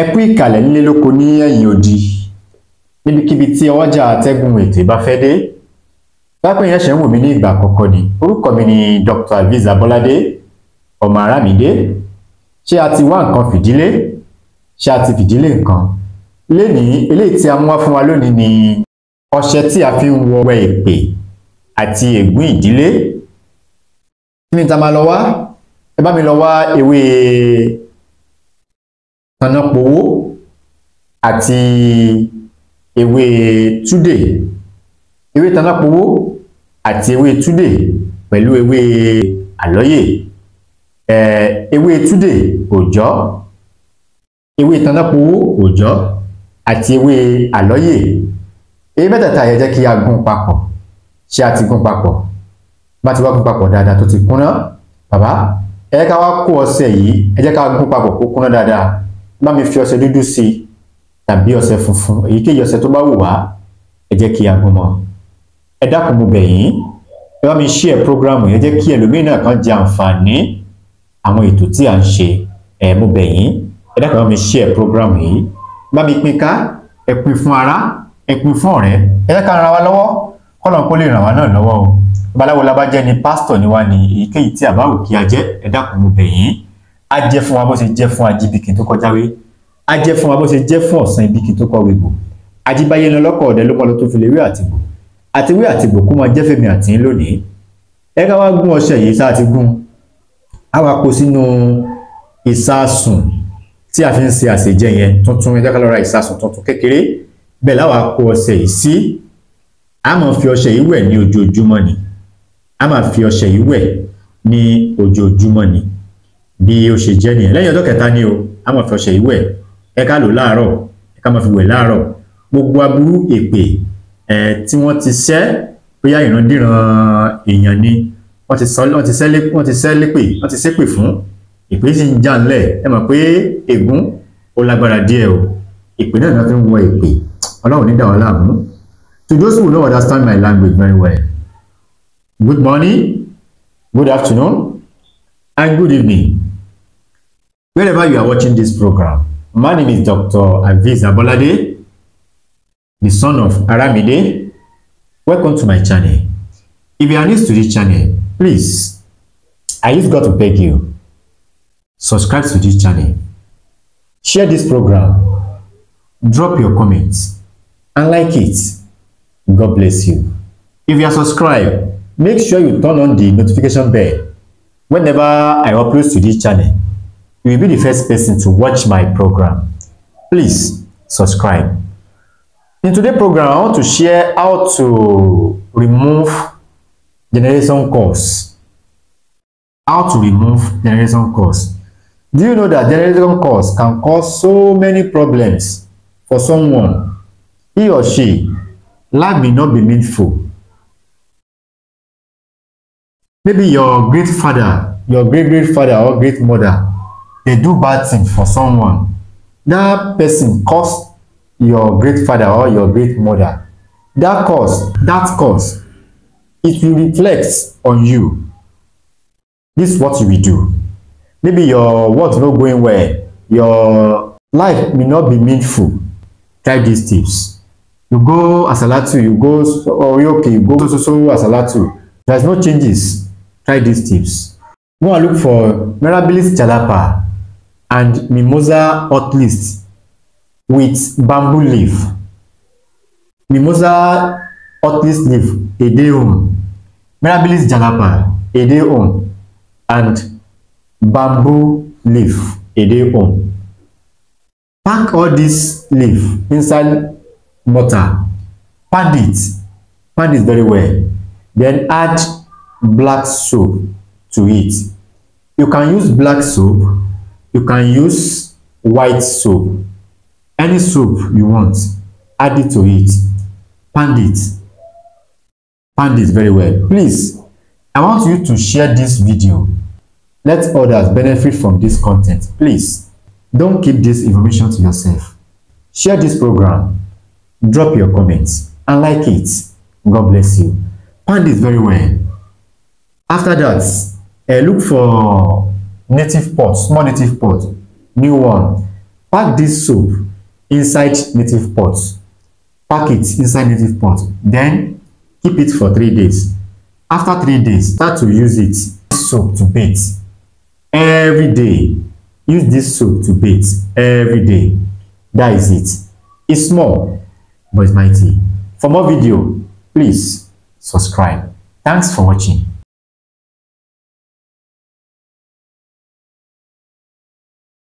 ẹ kú ìkàlẹ̀ nílé lóko ní ẹ̀yìn odi níbikíbi tí ọwọ́jà atẹ́gùn ètò ìbá fẹ́ dé lápẹ́ yẹn ṣe ń wò mí ní ìgbà àkọ́kọ́ ni orúkọ mi ni Dr. Aviz Abolade ọmọ Aramide ṣé a ti wá nǹkan fìdílé ṣé a ti fìdílé nǹkan lénìí eléyìí tí a mú wá fún wa lónìí ni ọṣẹ tí a fi ń wọ ọwẹ èpè àti ègún ìdílé kí ni ta máa lọ wá ẹ bá mi lọ wá ewé kànápòwó àti ewé túdè ewé kànápòwó àti ewé túdè pẹ̀lú ewé àlọ́yè ewé túdè òòjọ́ ewé kànápòwó òòjọ́ àti ewé àlọ́yè ewé mẹ́tẹ̀ẹ̀ta yẹ jẹ́ kí a gún papọ̀ ṣé a ti gún papọ̀ bá ti wá gún papọ̀ dáadáa tó ti kúnná bàbá ẹ ká wá kó ọṣẹ yìí ẹ jẹ́ ká gún papọ̀ kó kúnná dáadáa bá mi fi ọṣẹ dúdú sí i tàbí ọṣẹ funfun èyíkéyìí ọṣẹ tó bá wù wá ẹ jẹ́ kí a gún ẹ dákun mo bẹ̀ yín ẹ bá mi share program yẹn jẹ́ kí ẹlòmíín náà kan jẹ àǹfààní àwọn ètò tí à ń ṣe ẹ mo bẹ̀ yín ẹ dákun bá mi share program yìí bá mi pín ká ẹ pín fún ara ẹ pín fún ọ̀rẹ́ ẹ jẹ́ ká ran wa lọ́wọ́ kọ́lọ́n kó lè ràn wá náà lọ́wọ́ o babaláwo la ni pásítọ̀ ni wá ni èyíkéyìí tí àbáwò kí a jẹ́ ẹ dákun mo bẹ̀ yín á jẹ́ fún wa bó ṣe jẹ́ fún Ajíbíkin tó kọjáwé á jẹ́ fún wa bó ṣe jẹ́ fún Ọ̀sán Ìbíkin tó kọ̀wé bò àjíbáyé lọ lọ́kọ̀ ọ̀dẹ ló mọ́ lọ tó fi lè wé àtìgbò àtiwé àtìgbò kó máa jẹ́ fèmí àtìyín lónìí ẹ ká wá gún ọṣẹ yìí tá ti gún á wá kó sínú ìsásùn tí a fi ń ṣe àṣejẹ yẹn tuntun ẹ jẹ́ ìsásùn tuntun kékeré bẹ́ẹ̀ láwa kó ọṣẹ yìí sí a máa fi ọṣẹ yìí wẹ̀ ní ojoojúmọ́ ni a máa fi ọṣẹ yìí wẹ̀ ní ojoojúmọ́ ni bí ó ṣe jẹ́ nìyẹn lẹ́yìn ọjọ́ kẹta ni o a máa fi ọṣẹ ìwẹ̀ ẹ ká lò láàárọ̀ ẹ ká máa fi wẹ̀ láàárọ̀ gbogbo aburú èpè ẹ tí wọ́n ti sẹ́ bóyá ìrandíran èèyàn ni wọ́n ti sẹ́ wọ́n ti sẹ́ wọ́n ti sẹ́ lépè wọ́n ti sépè fún èpè sì ń já ńlẹ̀ ẹ mọ̀ pé ègún ó lágbára díẹ̀ o èpè náà náà fi ń wọ èpè ọlọ́run ní dá láàmú to those who know understand my language very well good morning good afternoon and good evening. Wherever you are watching this program, my name is Dr. Aviz Abolade, the son of Aramide. Welcome to my channel. If you are new to this channel, please, I just got to beg you, subscribe to this channel, share this program, drop your comments, and like it. God bless you. If you are subscribed, make sure you turn on the notification bell whenever I upload to this channel you will be the first person to watch my program. Please subscribe. In today's program, I want to share how to remove generation curse. How to remove generation curse. Do you know that generation curse can cause so many problems for someone? He or she, life may not be meaningful. Maybe your great father, your great great father or great mother they do bad thing for someone that person curse your great father or your great mother that curse that curse it will reflect on you this what you will do maybe your work no going well your life may not be meaningful try these tips you go asalatu you go oyoke oh, you go so so so asalatu There's no changes try these tips go and look for mirabilis jalapa and mimosa hot with bamboo leaf mimosa hot list leaf edeum mirabilis jalapa edeum and bamboo leaf edeum pack all this leaf inside mortar pound it pound it very well then add black soap to it you can use black soap you can use white soap any soap you want add it to it pound it pound it very well please i want you to share this video let others benefit from this content please don't keep this information to yourself share this program drop your comments and like it god bless you pound it very well after that uh, look for native pot small native pot new one pack this soap inside native pot pack it inside native pot then keep it for three days after three days start to use it soap to bathe every day use this soap to bathe every day that is it it's small but it's mighty for more video please subscribe thanks for watching